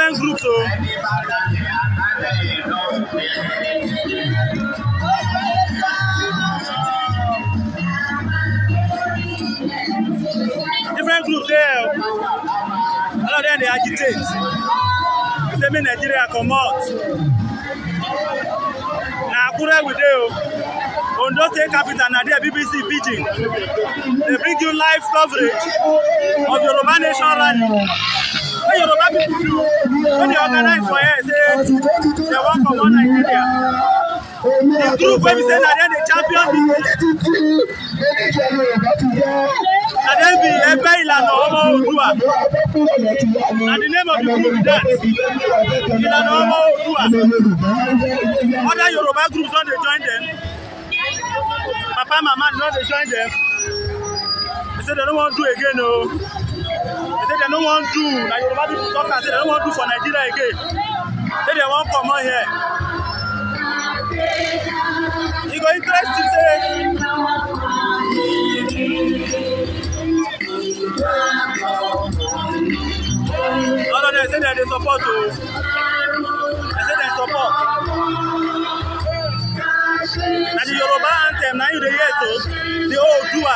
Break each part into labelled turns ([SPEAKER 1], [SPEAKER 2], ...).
[SPEAKER 1] different groups o.
[SPEAKER 2] different groups there o
[SPEAKER 1] all of them dey agitate they say make nigeria comot na akure we dey o. Ondo State capital na there BBC pidgin they bring you live coverage of Yoruba Nation rally wey Yoruba people do wey dey organize for here say dey work for one Nigeria. The
[SPEAKER 2] group wey be say na dem dey champion the na dem be
[SPEAKER 1] Ẹgbẹ́ Ìlànà Ọmọ Oòduà na the name of the group be that Ìlànà Ọmọ Oòduà other Yoruba groups don dey join dem papa mama don dey join dem they say dem no wan do again o. Oh. They say they no want do, like Yoruba people talk and say they no want do for Nigeria again. Say they want come out here.
[SPEAKER 2] E go interesting say. no.
[SPEAKER 1] of them say that they support o. Oh. They say they support. Na the Yoruba anthem na you dey hear so, the Oodua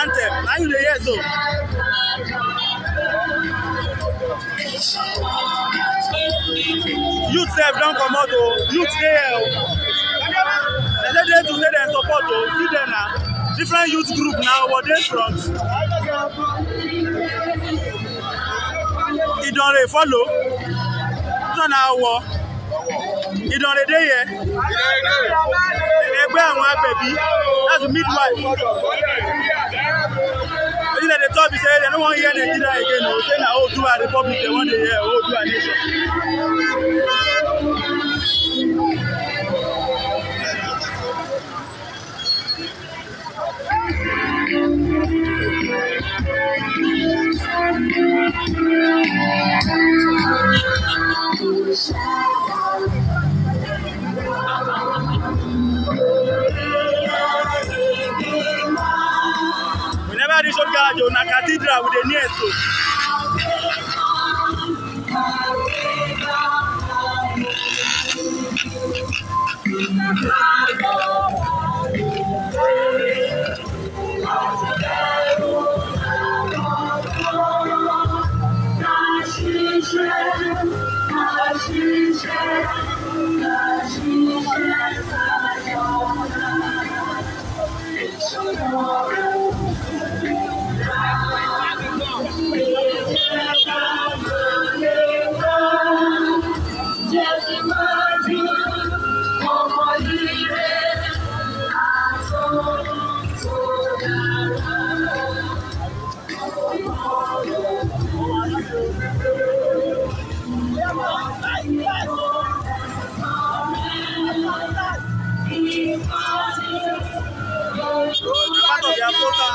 [SPEAKER 1] anthem na you dey hear
[SPEAKER 2] so
[SPEAKER 1] youth sef don comot o youth dey here o dem dey dey to say dem support o see dem na different youth group na our e dey front Ìdànrè follow this one na our Ìdànrè e dey here ẹgbẹ́ àwọn abẹ̀bí that's midwife. Somebody that they talk, be say they don't want to hear Nigeria again. They say now, oh, do our republic, they want to hear, oh, do our nation. na cathedral with dey near so. Thank you.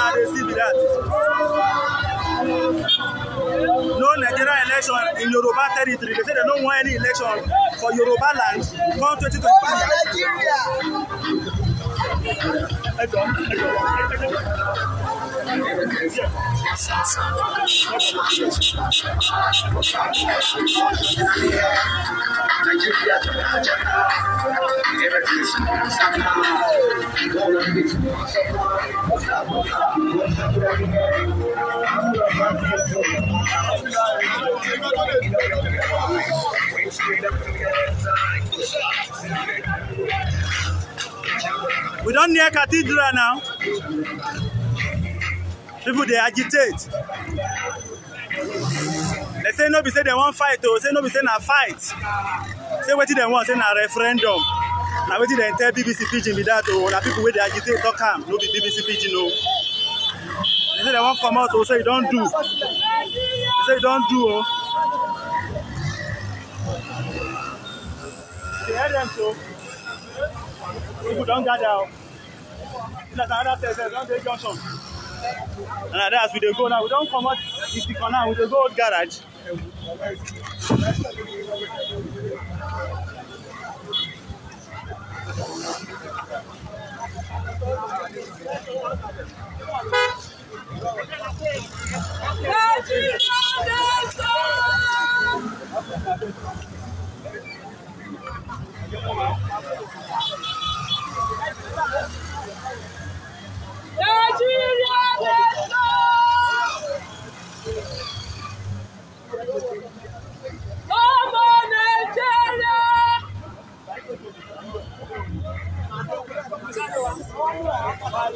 [SPEAKER 2] and that.
[SPEAKER 1] No Nigerian election in Yoruba territory. They say they don't want any election for Yoruba land come 2025. Nigeria. don near cathedral now. People they agitate. They say no be say they want fight o, oh. say no be say na fight. Say wetin they want say na referendum. Na wetin dem tell BBC pidgin be that o, oh. na people where they agitate talk am, no be BBC pidgin o. Oh. They say they want come out. o, say you don do. They say you don do Oh. You hear them so? People don't get out. That's another test. Don't take junction.
[SPEAKER 2] And
[SPEAKER 1] that's we dey go now. We don comot Itikon now. We dey go garage.
[SPEAKER 2] Thank 啊！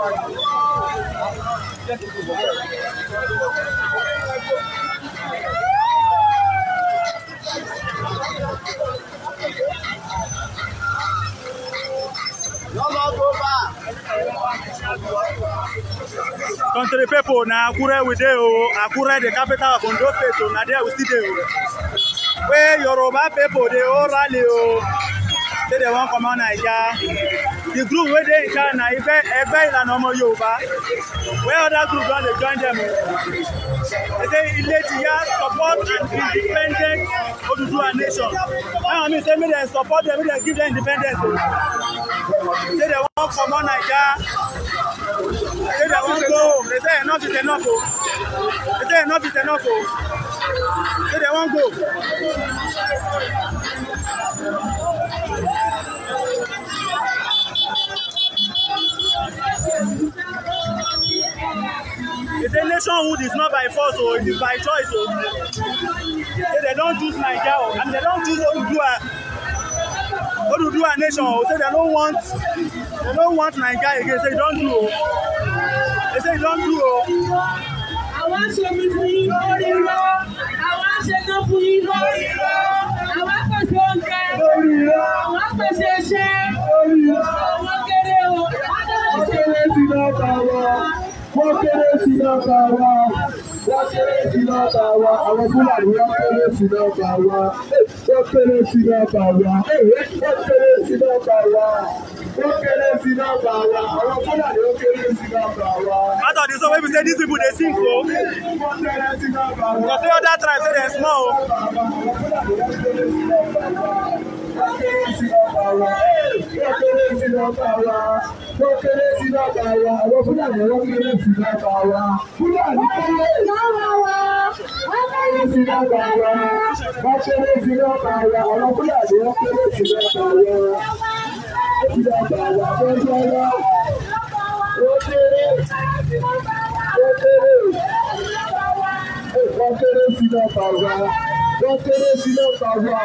[SPEAKER 2] Country
[SPEAKER 1] people, na Akure we dey o. Oh. Akure, the capital of Ondo State, oh. na o. Oh. Where Yoruba people dị o rally o. say they wan comot naija the group wey dey in charge na ẹgbẹ́ ìlànà ọmọ yorùbá where other group don dey join dem o they say ilé ti yá support and independent oduduwa nation báwọn mean, say make dem support dem make dem give dem independence o say they wan comot naija say they wan go home they say enough is enough o oh. they say enough is enough o oh. say they wan go. womanhood is not by force o oh, it is by choice o oh. say dem don choose naija o oh. and dem don choose oduduwa oduduwa nation o say dem no want dem no want naija again say e don do o they say e don do o. àwa ṣe mi fún yín lórí rọ àwa ṣe kan fún yín lórí
[SPEAKER 2] rọ àwa pèsè oúnjẹ lórí rọ àwa pèsè iṣẹ́ lórí rọ. wọ́n kéré sí nọ́mbà wa wọ́n kéré sí nọ́mbà wa àwọn fúlàní wọ́n kéré sí nọ́mbà wa wọ́n kéré sí nọ́mbà wa wọ́n kéré sí nọ́mbà wa wọ́n kéré sí nọ́mbà wa say dis people dey sing o. Because say other tribe say dem small kéré sí lọ́ba wa wọ́n kéré sí lọ́ba wa wọ́n kéré sí lọ́ba wa àwọn fúlàní wọ́n kéré sí lọ́ba wa fúlàní kéré sí lọ́ba wa wọ́n kéré sí lọ́ba wa wọ́n kéré sí lọ́ba wa àwọn fúlàní wọ́n kéré sí lọ́ba wa sí lọ́ba wa wọ́n kéré wọ́n kéré wọ́n kéré wọ́n kéré sí lọ́ba wa wọ́n kéré sí lọ́ba wa.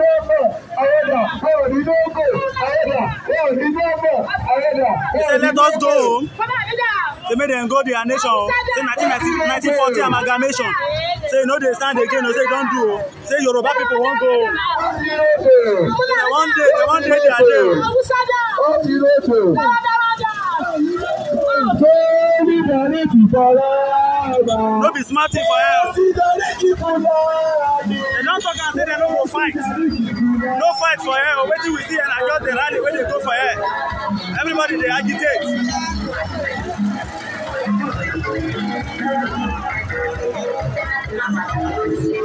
[SPEAKER 2] dọ́gbọ̀ àyẹ̀dà wọn ò ní dọ́gbọ̀ àyẹ̀dà wọn ò ní dọ́gbọ̀ àyẹ̀dà wọn ò ní dọ́gbọ̀.
[SPEAKER 1] They made dem go their nation o say 1940 amalgamation say you no dey stand again say you don do say Yoruba people wan go o. They wan dey they wan dey their day o. No be smart for us dem don tok am say they no go fight no fight for her. o we see and na just the rally when they go for her.
[SPEAKER 3] everybody they agitate.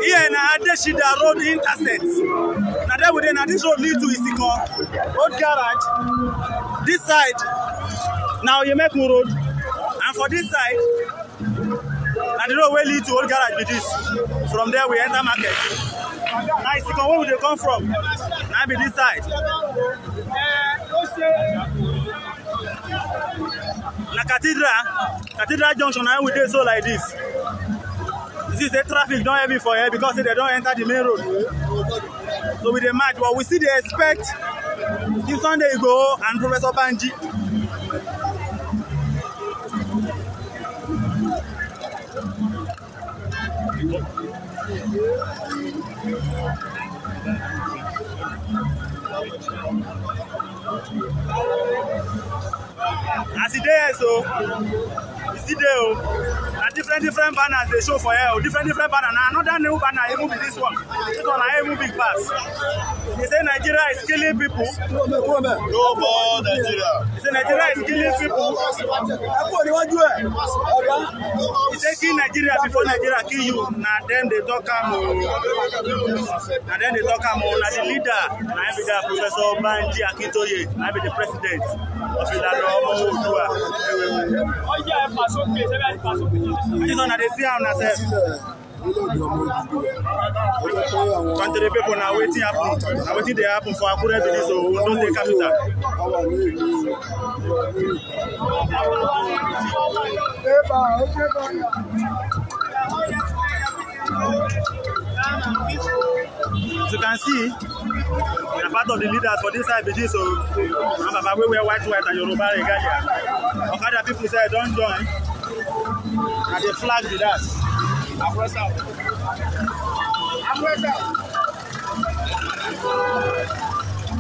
[SPEAKER 2] here na adesida road intersect
[SPEAKER 1] na there we dey na this road lead to isiko old garage This side Now na oyemekun road and for this side And the road wey lead to old garage be this. From there we enter market. Na Isikon where we dey come from?
[SPEAKER 2] Na be this side.
[SPEAKER 1] Na cathedral, cathedral junction na we dey so like this. You see say traffic don heavy for here because say dem don enter the main road. So we dey match but we still dey expect if Sunday go and Professor Banji As it is, so e still there? Oh, na different different banners dey show for here Oh, different different banner na another new banner even be this one this one na even big pass e say nigeria is killing people no more nigeria e say nigeria is killing people ẹ kúrò níwájú ẹ ọ̀gá e say kill nigeria before nigeria kill you na dem dey talk am o na dem dey talk am o oh. na the leader na him be that professor banji akintoye na him be the president of ìlànà ọmọ oòduà. This one, they see how na sef. Country people na wetin happen na wetin dey happen for Akure be dis o Ondo State capital. Thank you. As you can see, we are part of the leaders for this side, IBG, so remember Baba we wear white, white and Yoruba regalia. Okada people say don't join,
[SPEAKER 2] and they flag with that. Afresa. Afresa.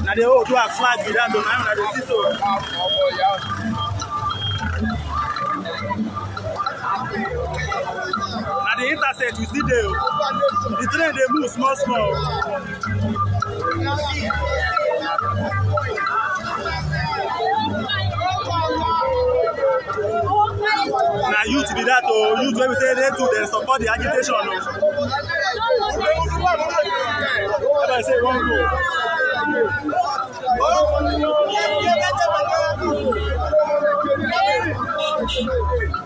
[SPEAKER 1] Now they all do a flag with that, but now they see so. at the intersect we still dey the train dey move small small na youth be that o youth wey be say dey too dey support the agitation o. everybody say one go.
[SPEAKER 2] Thank you.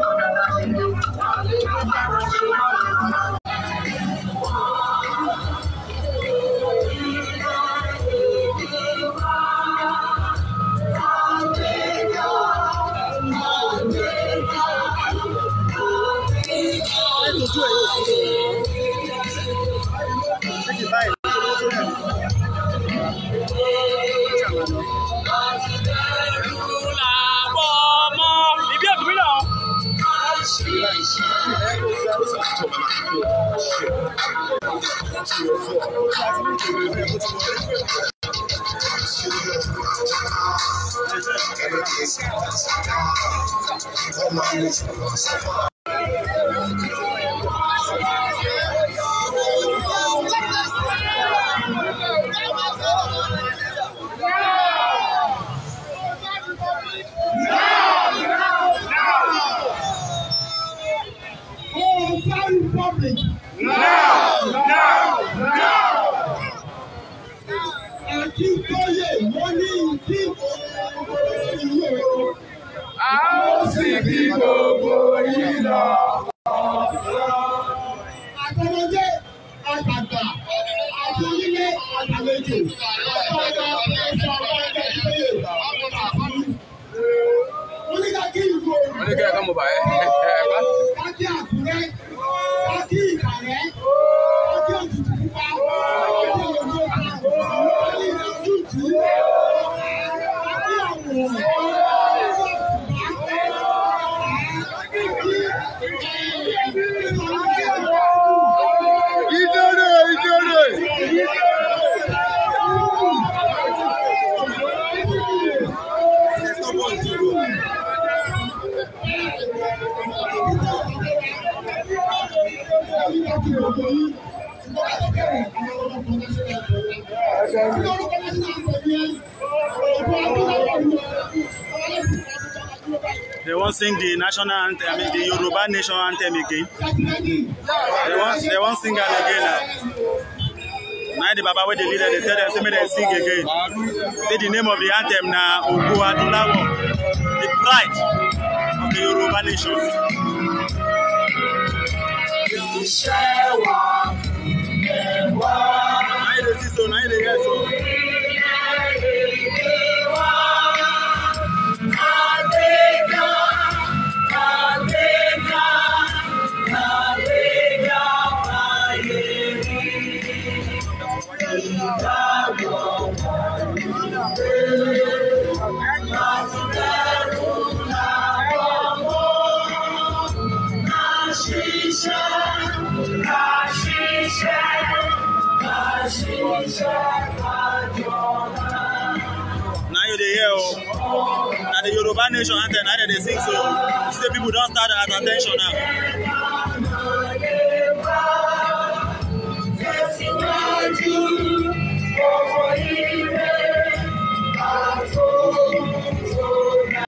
[SPEAKER 2] I'm not going to to do that.
[SPEAKER 1] Ano kaya ka mo ba eh? They won't sing the national anthem, I mean the Yoruba national anthem again.
[SPEAKER 2] They won't, they won't sing am again now.
[SPEAKER 1] Ah. Now the Baba wey dey lead dem dey tell them, say make sing again. Say the name of the anthem now: Ogu Adulawo, the pride of the Yoruba nation.
[SPEAKER 2] Israel.
[SPEAKER 1] Yoruba Nation anthem, I dey sing so. people don't start at attention
[SPEAKER 2] now.